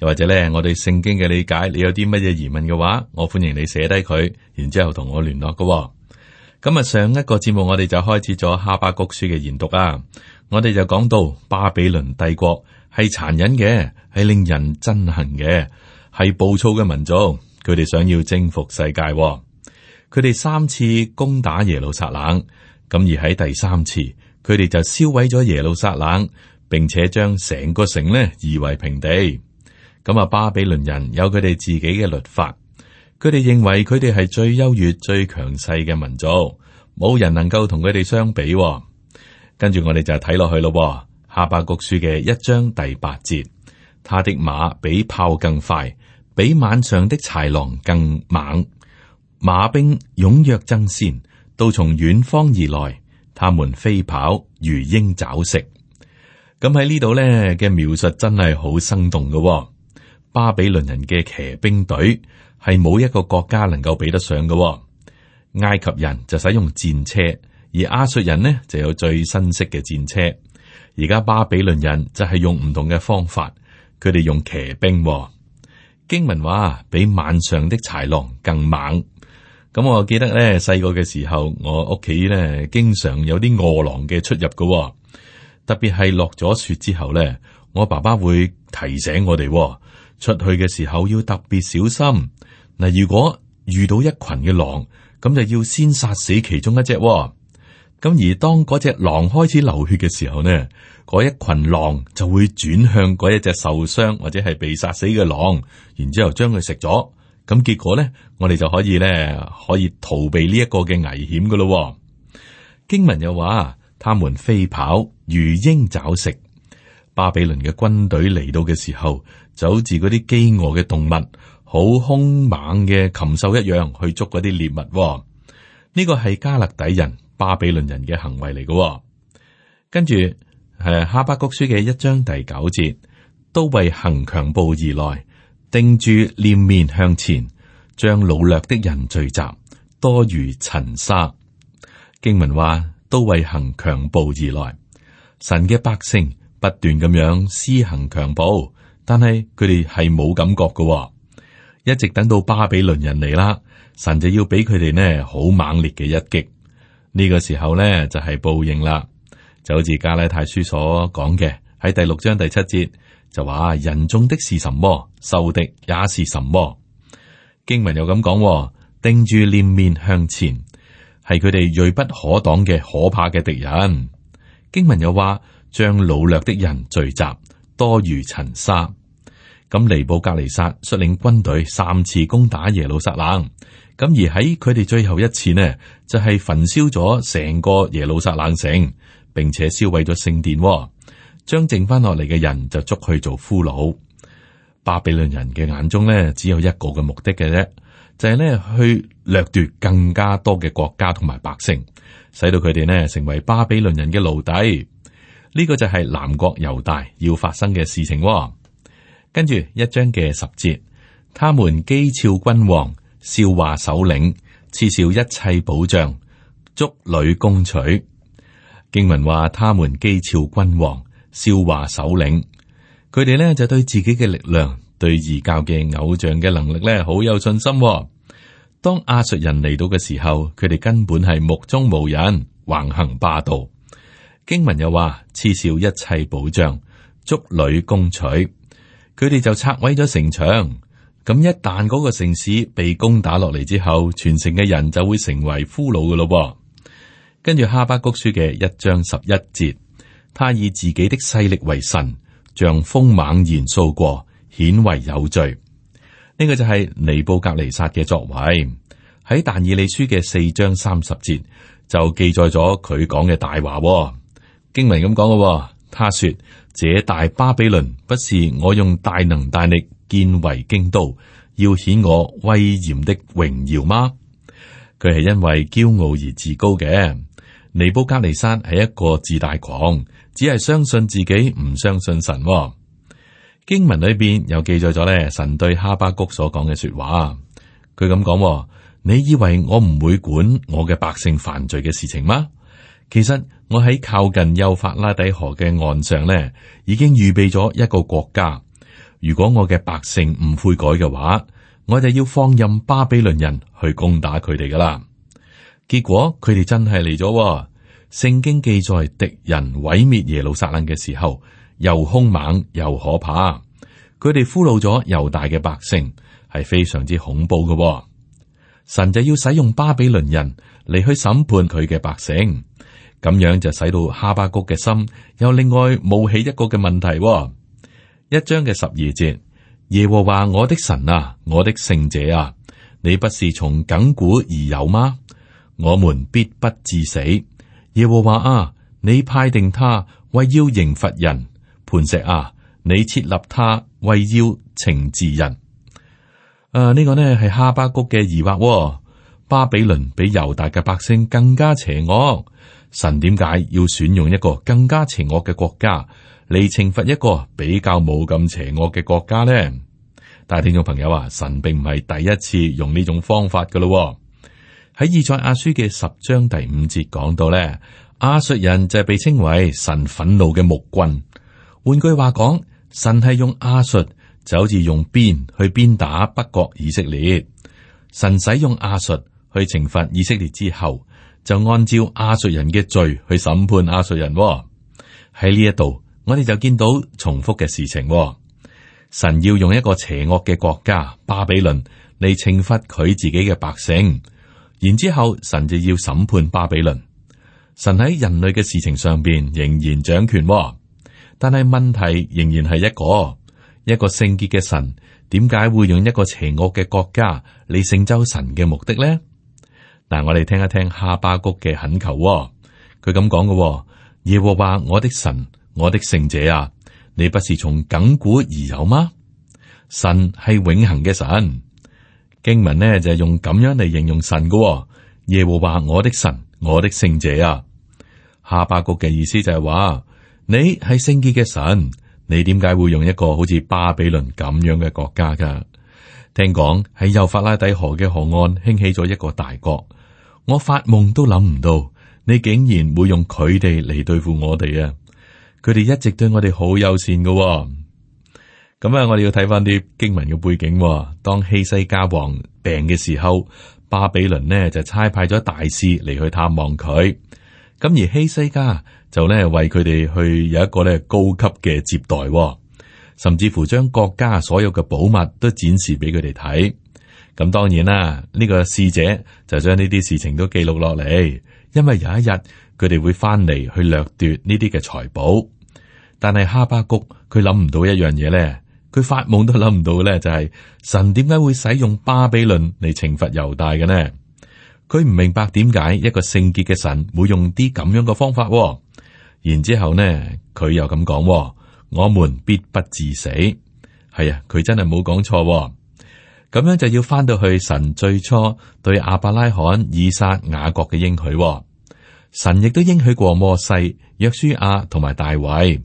又或者咧，我哋聖經嘅理解，你有啲乜嘢疑問嘅話，我歡迎你寫低佢，然之後同我聯絡、哦。噶咁啊，上一個節目我哋就開始咗《哈巴谷書》嘅研讀啊。我哋就講到巴比倫帝國係殘忍嘅，係令人憎恨嘅，係暴躁嘅民族。佢哋想要征服世界、哦，佢哋三次攻打耶路撒冷，咁而喺第三次，佢哋就燒毀咗耶路撒冷，並且將成個城呢夷為平地。咁啊！巴比倫人有佢哋自己嘅律法，佢哋認為佢哋係最優越、最強勢嘅民族，冇人能夠同佢哋相比、哦。跟住我哋就睇落去咯。哈巴谷書嘅一章第八節，他的馬比炮更快，比晚上的豺狼更猛。馬兵踊躍爭，爭先，到從遠方而來，他們飛跑如鷹爪食。咁、嗯、喺呢度呢嘅描述真係好生動噶、哦。巴比倫人嘅騎兵隊係冇一個國家能夠比得上嘅、哦。埃及人就使用戰車，而亞述人呢就有最新式嘅戰車。而家巴比倫人就係用唔同嘅方法，佢哋用騎兵。經、哦、文話比，比晚上的豺狼更猛。咁、嗯、我記得咧，細個嘅時候，我屋企咧經常有啲餓狼嘅出入嘅、哦，特別係落咗雪之後咧，我爸爸會提醒我哋、哦。出去嘅時候要特別小心嗱。如果遇到一群嘅狼，咁就要先殺死其中一隻。咁而當嗰隻狼開始流血嘅時候呢，嗰一群狼就會轉向嗰一隻受傷或者係被殺死嘅狼，然之後將佢食咗。咁結果呢，我哋就可以呢可以逃避呢一個嘅危險噶咯。經文又話，他們飛跑如鷹抓食。巴比倫嘅軍隊嚟到嘅時候。就好似嗰啲飢餓嘅動物，好兇猛嘅禽獸一樣去捉嗰啲獵物、哦。呢個係加勒底人、巴比倫人嘅行為嚟嘅、哦。跟住，誒，哈巴谷書嘅一章第九節，都為行強暴而來，定住臉面向前，將擄掠的人聚集，多如塵沙。經文話，都為行強暴而來，神嘅百姓不斷咁樣施行強暴。但係佢哋係冇感覺嘅、哦，一直等到巴比倫人嚟啦，神就要俾佢哋呢好猛烈嘅一擊。呢、這個時候呢就係、是、報應啦，就好似加拉太書所講嘅，喺第六章第七節就話人種的是什麼，受的也是什麼。經文又咁講，定住臉面向前，係佢哋銳不可擋嘅可怕嘅敵人。經文又話將擄掠的人聚集。多如塵沙，咁尼布格尼撒率領軍隊三次攻打耶路撒冷，咁而喺佢哋最後一次呢，就係焚燒咗成個耶路撒冷城，並且燒毀咗聖殿，將剩翻落嚟嘅人就捉去做俘虜。巴比倫人嘅眼中呢，只有一個嘅目的嘅啫，就係呢去掠奪更加多嘅國家同埋百姓，使到佢哋呢成為巴比倫人嘅奴隸。呢個就係南國猶大要發生嘅事情喎、哦。跟住一章嘅十節，他們譏誚君王，笑話首領，嗤笑一切保障，築壘攻取。經文話，他們譏誚君王，笑話首領，佢哋呢就對自己嘅力量、對異教嘅偶像嘅能力呢好有信心、哦。當亞述人嚟到嘅時候，佢哋根本係目中無人，橫行霸道。經文又話：，嗤笑一切保障，築壘攻取，佢哋就拆毀咗城牆。咁一旦嗰個城市被攻打落嚟之後，全城嘅人就會成為俘虜噶咯。跟住哈巴谷書嘅一章十一節，他以自己的勢力為神，像風猛然掃過，顯為有罪。呢、這個就係尼布格尼撒嘅作為。喺但以理書嘅四章三十節就記載咗佢講嘅大話。經文咁講嘅，他說：，這大巴比倫不是我用大能大力建為京都，要顯我威嚴的榮耀嗎？佢係因為驕傲而自高嘅。尼布甲尼撒係一個自大狂，只係相信自己，唔相信神。經文裏邊又記載咗咧，神對哈巴谷所講嘅說話，佢咁講：，你以為我唔會管我嘅百姓犯罪嘅事情嗎？其實。我喺靠近幼發拉底河嘅岸上咧，已經預備咗一個國家。如果我嘅百姓唔悔改嘅話，我就要放任巴比倫人去攻打佢哋噶啦。結果佢哋真係嚟咗。聖經記載敵人毀滅耶路撒冷嘅時候，又兇猛又可怕。佢哋俘虜咗猶大嘅百姓，係非常之恐怖嘅，哦。神就要使用巴比倫人嚟去審判佢嘅百姓。咁樣就使到哈巴谷嘅心又另外冒起一個嘅問題、哦。一章嘅十二節，耶和華我的神啊，我的聖者啊，你不是從亙古而有嗎？我們必不致死。耶和華啊，你派定他為要刑罰人，磐石啊，你設立他為要懲治人。誒、呃，呢、這個呢係哈巴谷嘅疑惑、哦。巴比倫比猶大嘅百姓更加邪惡。神點解要選用一個更加邪惡嘅國家嚟懲罰一個比較冇咁邪惡嘅國家呢？但係聽眾朋友啊，神並唔係第一次用呢種方法噶咯。喺以賽亞書嘅十章第五節講到咧，亞述人就係被稱為神憤怒嘅木棍。換句話講，神係用亞述就好似用鞭去鞭打北國以色列。神使用亞述去懲罰以色列之後，就按照亞述人嘅罪去審判亞述人喎。哦，喺呢一度我哋就見到重複嘅事情。哦。神要用一個邪惡嘅國家巴比倫嚟懲罰佢自己嘅百姓，然之後神就要審判巴比倫。神喺人類嘅事情上邊仍然掌權。哦，但係問題仍然係一個一個聖潔嘅神點解會用一個邪惡嘅國家嚟成就神嘅目的呢？但我哋聽一聽哈巴谷嘅懇求、哦。佢咁講嘅，耶和華，我的神，我的聖者啊，你不是從亙古而有嗎？神係永恆嘅神，經文呢就係、是、用咁樣嚟形容神嘅、哦、耶和華，我的神，我的聖者啊。哈巴谷嘅意思就係話，你係聖潔嘅神，你點解會用一個好似巴比倫咁樣嘅國家？噶聽講喺幼發拉底河嘅河岸興起咗一個大國。我發夢都諗唔到，你竟然會用佢哋嚟對付我哋啊！佢哋一直對我哋好友善噶、哦，咁啊，我哋要睇返啲經文嘅背景、哦。當希西家王病嘅時候，巴比倫呢就差派咗大使嚟去探望佢，咁而希西家就呢為佢哋去有一個呢高級嘅接待、哦，甚至乎將國家所有嘅寶物都展示俾佢哋睇。咁當然啦，呢、這個使者就將呢啲事情都記錄落嚟，因為有一日佢哋會翻嚟去掠奪呢啲嘅財寶。但係哈巴谷佢諗唔到一樣嘢咧，佢發夢都諗唔到咧、就是，就係神點解會使用巴比倫嚟懲罰猶大嘅呢？佢唔明白點解一個聖潔嘅神會用啲咁樣嘅方法。然之後咧，佢又咁講：我們必不致死。係啊，佢真係冇講錯。咁樣就要翻到去神最初對亞伯拉罕、以撒、雅各嘅應許，哦，神亦都應許過摩西、約書亞同埋大衛。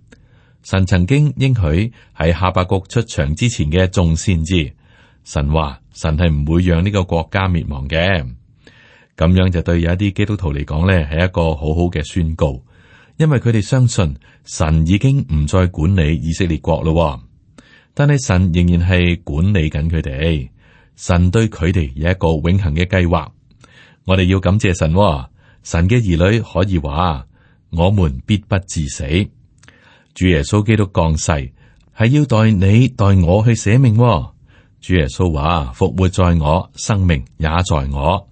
神曾經應許喺哈巴谷出場之前嘅眾先知，神話神係唔會讓呢個國家滅亡嘅。咁樣就對有一啲基督徒嚟講呢，係一個好好嘅宣告，因為佢哋相信神已經唔再管理以色列國咯，哦，但係神仍然係管理緊佢哋。神對佢哋有一個永恒嘅計劃，我哋要感謝神、哦。神嘅兒女可以話：我們必不致死。主耶穌基督降世係要代你代我去捨命、哦。主耶穌話：復活在我，生命也在我。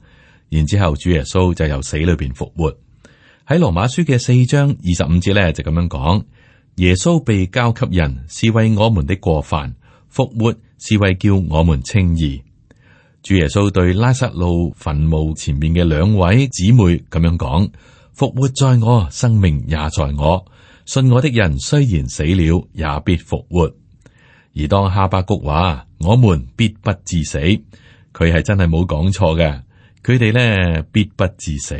然之後，主耶穌就由死裏邊復活。喺羅馬書嘅四章二十五節咧，就咁樣講：耶穌被交給人，是為我們的過犯；復活是為叫我們稱義。主耶穌對拉撒路墳墓前面嘅兩位姊妹咁樣講：復活在我，生命也在我。信我的人雖然死了，也必復活。而當哈巴谷話：我們必不至死。佢係真係冇講錯嘅。佢哋呢，必不至死。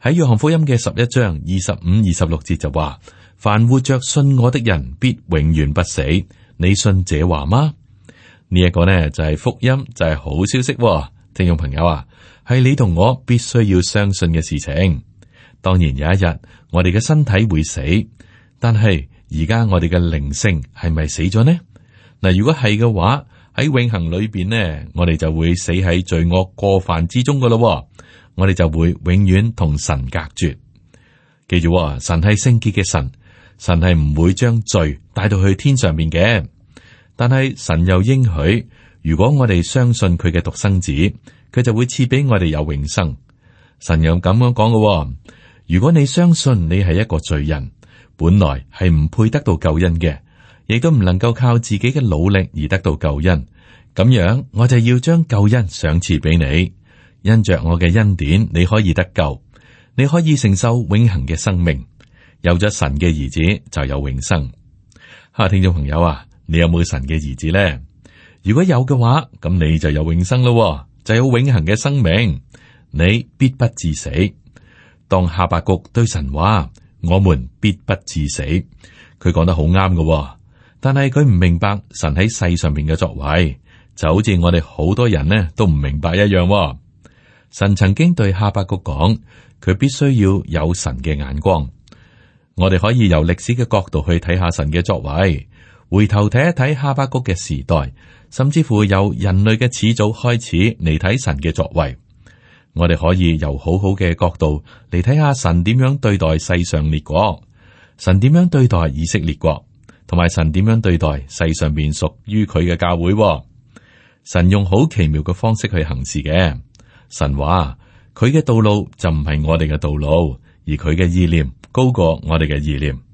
喺約翰福音嘅十一章二十五、二十六節就話：凡活着信我的人必永遠不死。你信這話嗎？呢一個呢就係福音，就係好消息喎。聽眾朋友啊，係你同我必須要相信嘅事情。當然有一日我哋嘅身體會死，但係而家我哋嘅靈性係咪死咗呢？嗱，如果係嘅話，喺永恆裏邊呢，我哋就會死喺罪惡過犯之中噶咯。我哋就會永遠同神隔絕。記住喎，神係聖潔嘅神，神係唔會將罪帶到去天上邊嘅。但係神又應許，如果我哋相信佢嘅獨生子，佢就會賜俾我哋有永生。神又咁樣講嘅，如果你相信你係一個罪人，本來係唔配得到救恩嘅，亦都唔能夠靠自己嘅努力而得到救恩。咁樣我就要將救恩賞賜俾你，因着我嘅恩典，你可以得救，你可以承受永恆嘅生命。有咗神嘅兒子就有永生。哈，聽眾朋友啊！你有冇神嘅兒子咧？如果有嘅話，咁你就有永生咯，哦，就有永恆嘅生命。你必不至死。當哈巴谷對神話，我們必不至死。佢講得好啱嘅，但係佢唔明白神喺世上邊嘅作為，就好似我哋好多人呢都唔明白一樣，哦。神曾經對哈巴谷講，佢必須要有神嘅眼光。我哋可以由歷史嘅角度去睇下神嘅作為。回頭睇一睇哈巴谷嘅時代，甚至乎由人類嘅始祖開始嚟睇神嘅作為，我哋可以由好好嘅角度嚟睇下神點樣對待世上列國，神點樣對待以色列國，同埋神點樣對待世上面屬於佢嘅教會。神用好奇妙嘅方式去行事嘅，神話佢嘅道路就唔係我哋嘅道路，而佢嘅意念高過我哋嘅意念。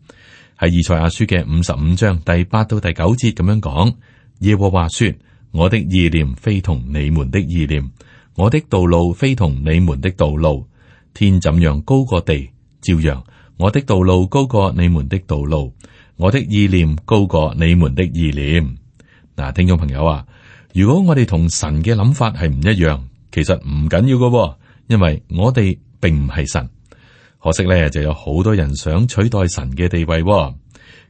係以賽亞書嘅五十五章第八到第九節咁樣講，耶和華說：我的意念非同你們的意念，我的道路非同你們的道路。天怎樣高過地，照樣我的道路高過你們的道路，我的意念高過你們的意念。嗱，聽眾朋友啊，如果我哋同神嘅諗法係唔一樣，其實唔緊要噶，因為我哋並唔係神。可惜咧，就有好多人想取代神嘅地位。哦，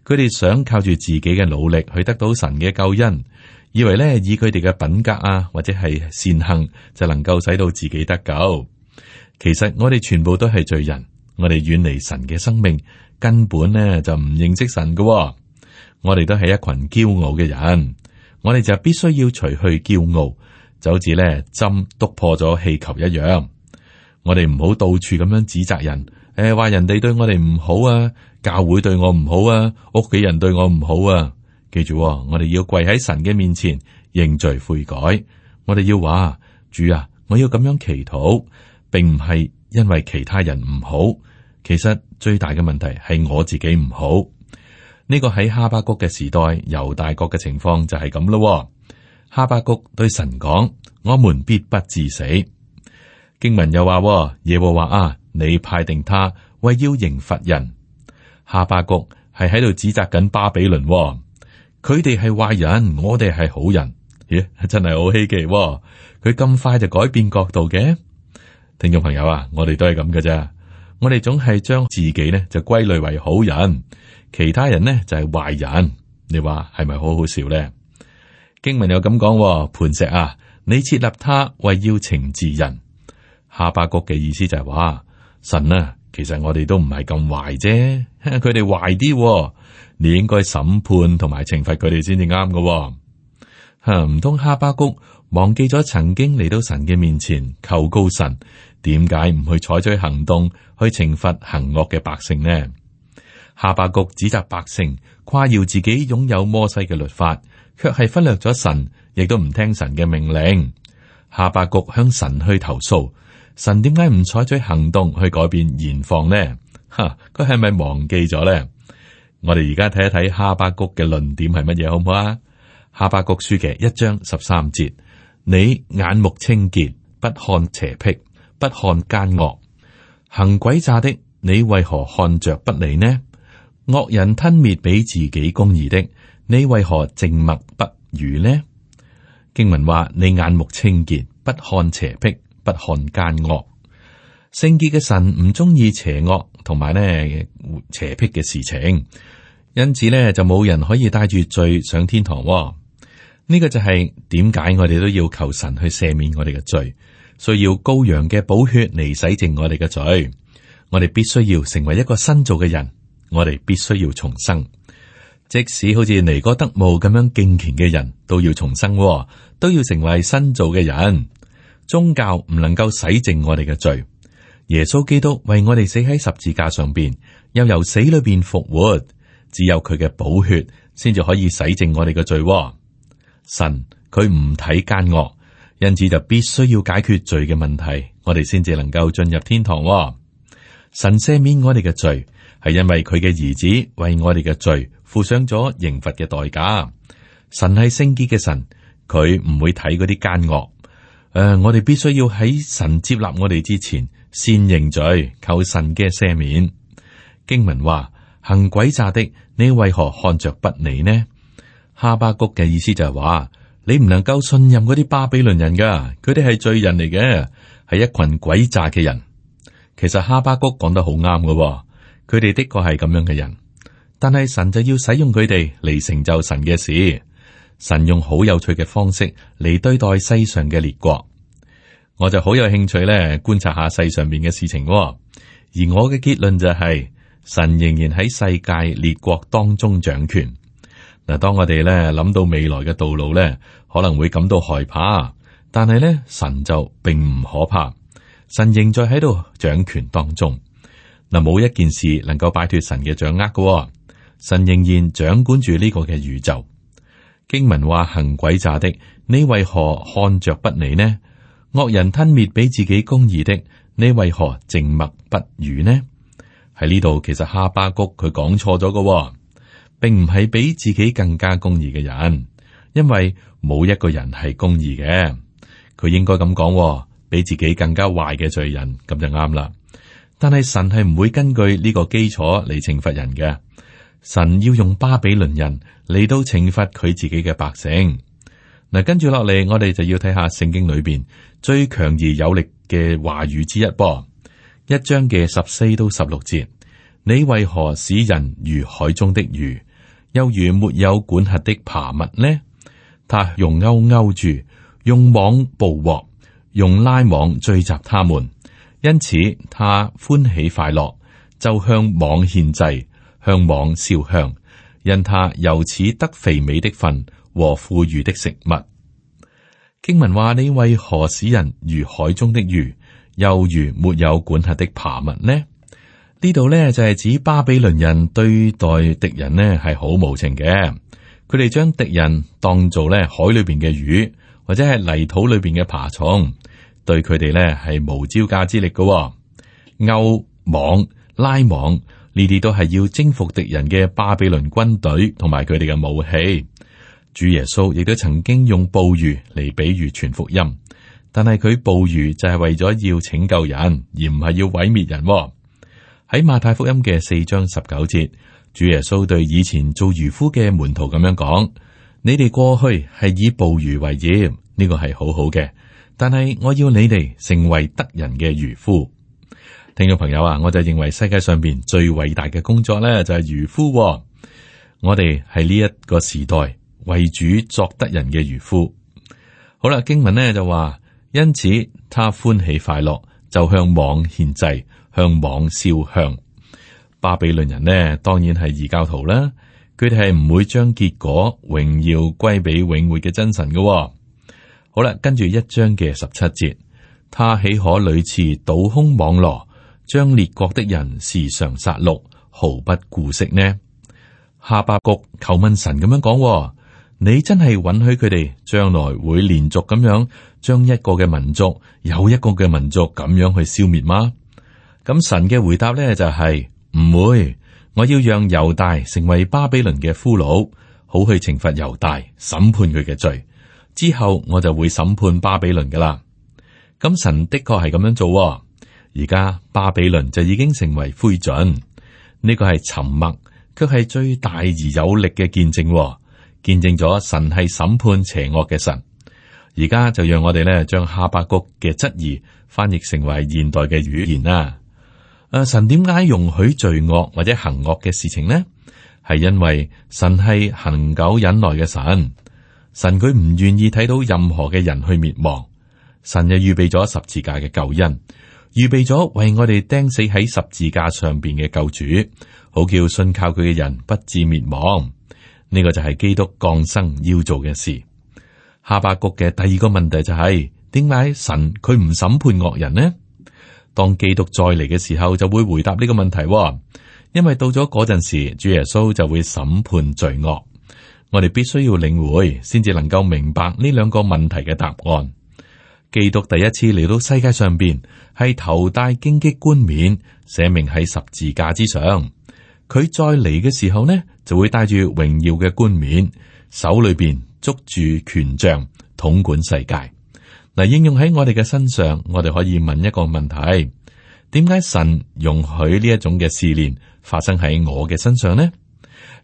佢哋想靠住自己嘅努力去得到神嘅救恩，以為咧以佢哋嘅品格啊，或者係善行就能夠使到自己得救。其實我哋全部都係罪人，我哋遠離神嘅生命，根本咧就唔認識神嘅、哦。我哋都係一群驕傲嘅人，我哋就必須要除去驕傲，就好似咧針篤破咗氣球一樣。我哋唔好到處咁樣指責人。誒，話人哋對我哋唔好啊，教會對我唔好啊，屋企人對我唔好啊。記住，我哋要跪喺神嘅面前認罪悔改。我哋要話主啊，我要咁樣祈禱，並唔係因為其他人唔好，其實最大嘅問題係我自己唔好。呢個喺哈巴谷嘅時代，猶大國嘅情況就係咁咯。哈巴谷對神講：我們必不致死。經文又話：耶和華啊！你派定他為要刑罰人，哈巴谷係喺度指責緊巴比倫，哦，佢哋係壞人，我哋係好人，咦，真係好稀奇，奇、哦，佢咁快就改變角度嘅？聽眾朋友啊，我哋都係咁嘅啫，我哋總係將自己呢就歸類為好人，其他人呢就係、是、壞人，你話係咪好好笑咧？經文又咁講、哦，磐石啊，你設立他為要懲治人，哈巴谷嘅意思就係、是、話。神啊，其實我哋都唔係咁壞啫，佢哋壞啲，你應該審判同埋懲罰佢哋先至啱嘅。吓、啊，唔通哈巴谷忘記咗曾經嚟到神嘅面前求告神，點解唔去採取行動去懲罰行惡嘅百姓呢？哈巴谷指責百姓誇耀自己擁有摩西嘅律法，卻係忽略咗神，亦都唔聽神嘅命令。哈巴谷向神去投訴。神點解唔採取行動去改變嚴防呢？哈，佢係咪忘記咗呢？我哋而家睇一睇哈巴谷嘅論點係乜嘢好唔好啊？哈巴谷書嘅一章十三節，你眼目清潔，不看邪僻，不看奸惡，行詭詐的，你為何看着不利呢？惡人吞滅俾自己公義的，你為何靜默不語呢？經文話：你眼目清潔，不看邪僻。」不看奸惡，聖潔嘅神唔中意邪惡同埋呢邪僻嘅事情，因此呢就冇人可以帶住罪上天堂、哦。呢、這個就係點解我哋都要求神去赦免我哋嘅罪，需要羔羊嘅寶血嚟洗淨我哋嘅罪。我哋必須要成為一個新造嘅人，我哋必須要重生。即使好似尼哥德慕咁樣敬虔嘅人都要重生、哦，都要成為新造嘅人。宗教唔能夠洗淨我哋嘅罪，耶穌基督為我哋死喺十字架上邊，又由死裏邊復活，只有佢嘅寶血先至可以洗淨我哋嘅罪。神佢唔睇奸惡，因此就必須要解決罪嘅問題，我哋先至能夠進入天堂。神赦免我哋嘅罪，係因為佢嘅兒子為我哋嘅罪付上咗刑罰嘅代價。神係聖潔嘅神，佢唔會睇嗰啲奸惡。誒、呃，我哋必須要喺神接納我哋之前，先認罪，求神嘅赦免。經文話：行鬼詐的，你為何看着不理呢？哈巴谷嘅意思就係話，你唔能夠信任嗰啲巴比倫人㗎，佢哋係罪人嚟嘅，係一群鬼詐嘅人。其實哈巴谷講得好啱噶，佢哋的確係咁樣嘅人，但係神就要使用佢哋嚟成就神嘅事。神用好有趣嘅方式嚟對待世上嘅列國。我就好有興趣咧，觀察下世上面嘅事情、哦。而我嘅結論就係、是、神仍然喺世界列國當中掌權。嗱，當我哋咧諗到未來嘅道路咧，可能會感到害怕，但係咧神就並唔可怕，神仍在喺度掌權當中。嗱，冇一件事能夠擺脱神嘅掌握嘅，神仍然掌管住呢個嘅宇宙。經文話：行詭詐的，你為何看着不理呢？惡人吞滅俾自己公義的，你為何靜默不語呢？喺呢度其實哈巴谷佢講錯咗㗎，並唔係俾自己更加公義嘅人，因為冇一個人係公義嘅。佢應該咁講，俾自己更加壞嘅罪人咁就啱啦。但係神係唔會根據呢個基礎嚟懲罰人嘅，神要用巴比倫人嚟到懲罰佢自己嘅百姓。嗱，跟住落嚟，我哋就要睇下聖經裏邊最強而有力嘅話語之一噃。一章嘅十四到十六節。你為何使人如海中的魚，又如沒有管轄的爬物呢？他用勾勾住，用網捕獲，用拉網聚集他們。因此，他歡喜快樂，就向網獻祭，向網燒香，因他由此得肥美的分。和富裕的食物。經文話：你為何使人如海中的魚，又如沒有管轄的爬物呢？呢度呢，就係指巴比倫人對待敵人呢係好無情嘅。佢哋將敵人當做呢海裏邊嘅魚，或者係泥土裏邊嘅爬蟲，對佢哋呢係無招架之力嘅。勾網拉網呢啲都係要征服敵人嘅巴比倫軍隊同埋佢哋嘅武器。主耶穌亦都曾經用捕魚嚟，比喻全福音，但係佢捕魚就係為咗要拯救人，而唔係要毀滅人。喺馬太福音嘅四章十九節，主耶穌對以前做漁夫嘅門徒咁樣講：你哋過去係以捕魚為業，呢個係好好嘅，但係我要你哋成為得人嘅漁夫。聽眾朋友啊，我就認為世界上邊最偉大嘅工作咧就係漁夫。我哋喺呢一個時代。為主作得人嘅漁夫，好啦，經文呢就話，因此他歡喜快樂，就向網獻祭，向網燒香。巴比倫人呢，當然係異教徒啦，佢哋係唔會將結果榮耀歸俾永活嘅真神嘅，喔。好啦，跟住一章嘅十七節，他豈可屢次倒空網羅，將列國的人時常殺戮，毫不顧惜呢？哈巴谷求問神咁樣講，啊。你真係允許佢哋將來會連續咁樣將一個嘅民族，有一個嘅民族咁樣去消滅嗎？咁神嘅回答呢，就係、是、唔會，我要讓猶大成為巴比倫嘅俘虜，好去懲罰猶大，審判佢嘅罪。之後我就會審判巴比倫噶啦。咁神的確係咁樣做、哦，而家巴比倫就已經成為灰燼。呢、這個係沉默，卻係最大而有力嘅見證、哦。見證咗神係審判邪惡嘅神，而家就讓我哋咧將哈巴谷嘅質疑翻譯成為現代嘅語言啦。誒、啊，神點解容許罪惡或者行惡嘅事情呢？係因為神係恒久忍耐嘅神，神佢唔願意睇到任何嘅人去滅亡。神又預備咗十字架嘅救恩，預備咗為我哋釘死喺十字架上邊嘅救主，好叫信靠佢嘅人不至滅亡。呢個就係基督降生要做嘅事。哈巴谷嘅第二個問題就係、是，點解神佢唔審判惡人呢？當基督再嚟嘅時候，就會回答呢個問題。因為到咗嗰陣時，主耶穌就會審判罪惡。我哋必須要領會，先至能夠明白呢兩個問題嘅答案。基督第一次嚟到世界上邊，係頭戴荊棘冠冕，寫明喺十字架之上。佢再嚟嘅時候呢？就會帶住榮耀嘅冠冕，手裏邊捉住權杖，統管世界。嗱，應用喺我哋嘅身上，我哋可以問一個問題：點解神容許呢一種嘅試煉發生喺我嘅身上呢？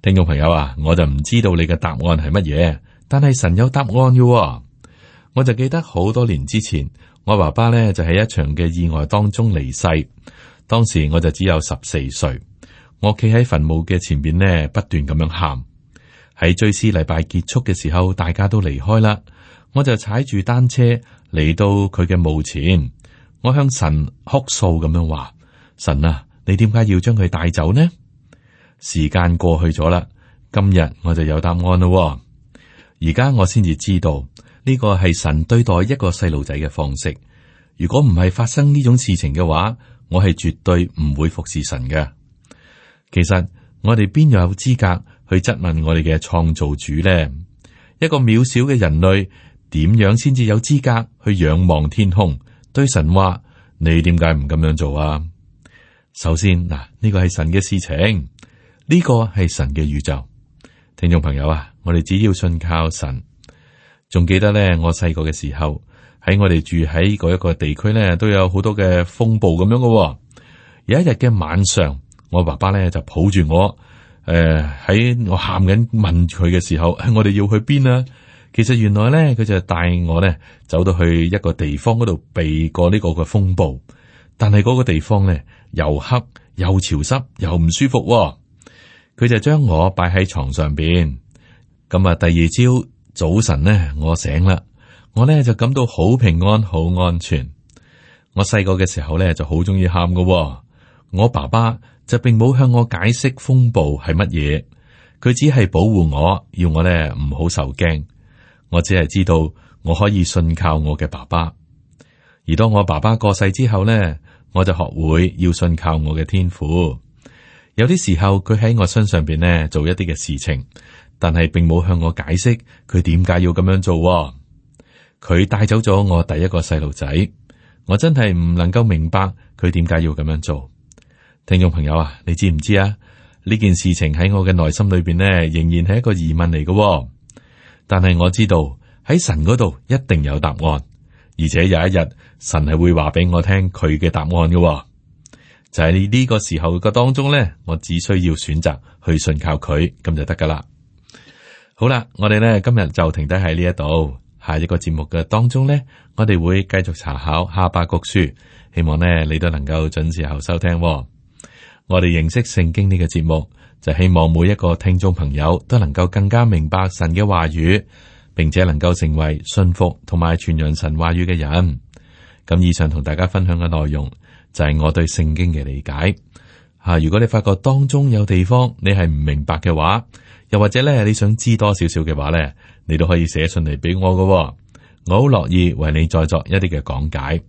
聽眾朋友啊，我就唔知道你嘅答案係乜嘢，但係神有答案嘅喎。我就記得好多年之前，我爸爸咧就喺一場嘅意外當中離世，當時我就只有十四歲。我企喺墳墓嘅前面呢，不斷咁樣喊。喺追思禮拜結束嘅時候，大家都離開啦。我就踩住單車嚟到佢嘅墓前，我向神哭訴咁樣話：神啊，你點解要將佢帶走呢？時間過去咗啦，今日我就有答案啦喎。而家我先至知道呢個係神對待一個細路仔嘅方式。如果唔係發生呢種事情嘅話，我係絕對唔會服侍神嘅。其實我哋邊有資格去質問我哋嘅創造主咧？一個渺小嘅人類，點樣先至有資格去仰望天空，對神話你點解唔咁樣做啊？首先嗱，呢個係神嘅事情，呢個係神嘅宇宙。聽眾朋友啊，我哋只要信靠神。仲記得咧，我細個嘅時候喺我哋住喺嗰一個地區咧，都有好多嘅風暴咁樣噶。有一日嘅晚上。我爸爸咧就抱住我，誒、呃、喺我喊緊問佢嘅時候，哎、我哋要去邊啊？其實原來咧佢就帶我咧走到去一個地方嗰度避過呢個嘅風暴，但係嗰個地方咧又黑又潮濕又唔舒服、哦。佢就將我擺喺床上邊咁啊。第二朝早，早晨咧，我醒啦，我咧就感到好平安，好安全。我細個嘅時候咧就好中意喊噶，我爸爸。就並冇向我解釋風暴係乜嘢，佢只係保護我，要我咧唔好受驚。我只係知道我可以信靠我嘅爸爸。而當我爸爸過世之後呢，我就學會要信靠我嘅天父。有啲時候佢喺我身上邊呢做一啲嘅事情，但係並冇向我解釋佢點解要咁樣做，哦。佢帶走咗我第一個細路仔，我真係唔能夠明白佢點解要咁樣做。聽眾朋友啊，你知唔知啊？呢件事情喺我嘅內心裏邊呢，仍然係一個疑問嚟嘅喎。但係我知道喺神嗰度一定有答案，而且有一日神係會話俾我聽佢嘅答案嘅喎。就喺呢個時候嘅當中呢，我只需要選擇去信靠佢，咁就得噶啦。好啦，我哋呢今日就停低喺呢一度，下一個節目嘅當中呢，我哋會繼續查考《哈巴谷書》，希望呢你都能夠準時候收聽喎。我哋認識聖經呢個節目，就希望每一個聽眾朋友都能夠更加明白神嘅話語，並且能夠成為信服同埋傳揚神話語嘅人。咁以上同大家分享嘅內容就係我對聖經嘅理解。吓、啊，如果你發覺當中有地方你係唔明白嘅話，又或者咧你想知多少少嘅話咧，你都可以寫信嚟俾我噶、哦，我好樂意為你再作一啲嘅講解。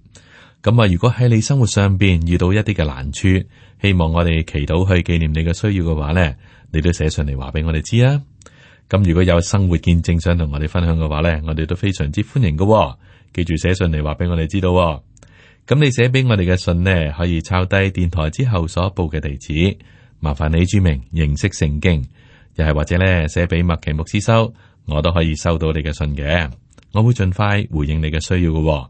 咁啊！如果喺你生活上邊遇到一啲嘅難處，希望我哋祈禱去紀念你嘅需要嘅話呢，你都寫信嚟話俾我哋知啊！咁如果有生活見證想同我哋分享嘅話呢，我哋都非常之歡迎噶。記住寫信嚟話俾我哋知道。咁你寫俾我哋嘅信呢，可以抄低電台之後所報嘅地址，麻煩你註明認識聖經，又係或者呢寫俾麥奇牧師收，我都可以收到你嘅信嘅。我會盡快回應你嘅需要噶。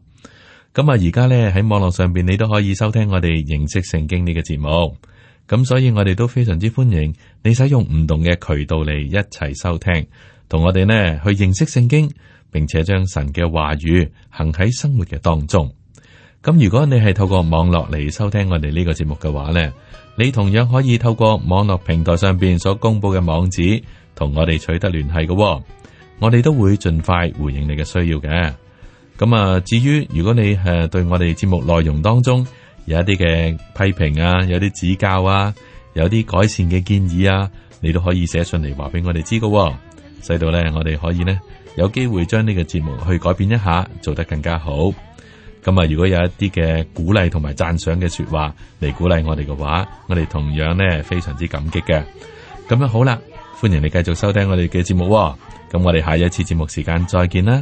咁啊，而家咧喺網絡上邊，你都可以收聽我哋認識聖經呢個節目。咁所以，我哋都非常之歡迎你使用唔同嘅渠道嚟一齊收聽，同我哋咧去認識聖經，並且將神嘅話語行喺生活嘅當中。咁如果你係透過網絡嚟收聽我哋呢個節目嘅話咧，你同樣可以透過網絡平台上邊所公布嘅網址，同我哋取得聯繫嘅。我哋都會盡快回應你嘅需要嘅。咁啊，至於如果你誒對我哋節目內容當中有一啲嘅批評啊，有啲指教啊，有啲改善嘅建議啊，你都可以寫信嚟，話俾我哋知噶，使到咧我哋可以呢，有機會將呢個節目去改變一下，做得更加好。咁啊，如果有一啲嘅鼓勵同埋讚賞嘅說話，嚟鼓勵我哋嘅話，我哋同樣呢，非常之感激嘅。咁樣好啦，歡迎你繼續收聽我哋嘅節目哦。咁我哋下一次節目時間再見啦。